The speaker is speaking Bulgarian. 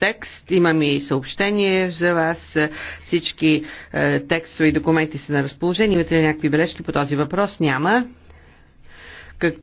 текст. Имам и съобщение за вас. Всички е, текстове и документи са на разположение. Имате ли някакви бележки по този въпрос? Няма.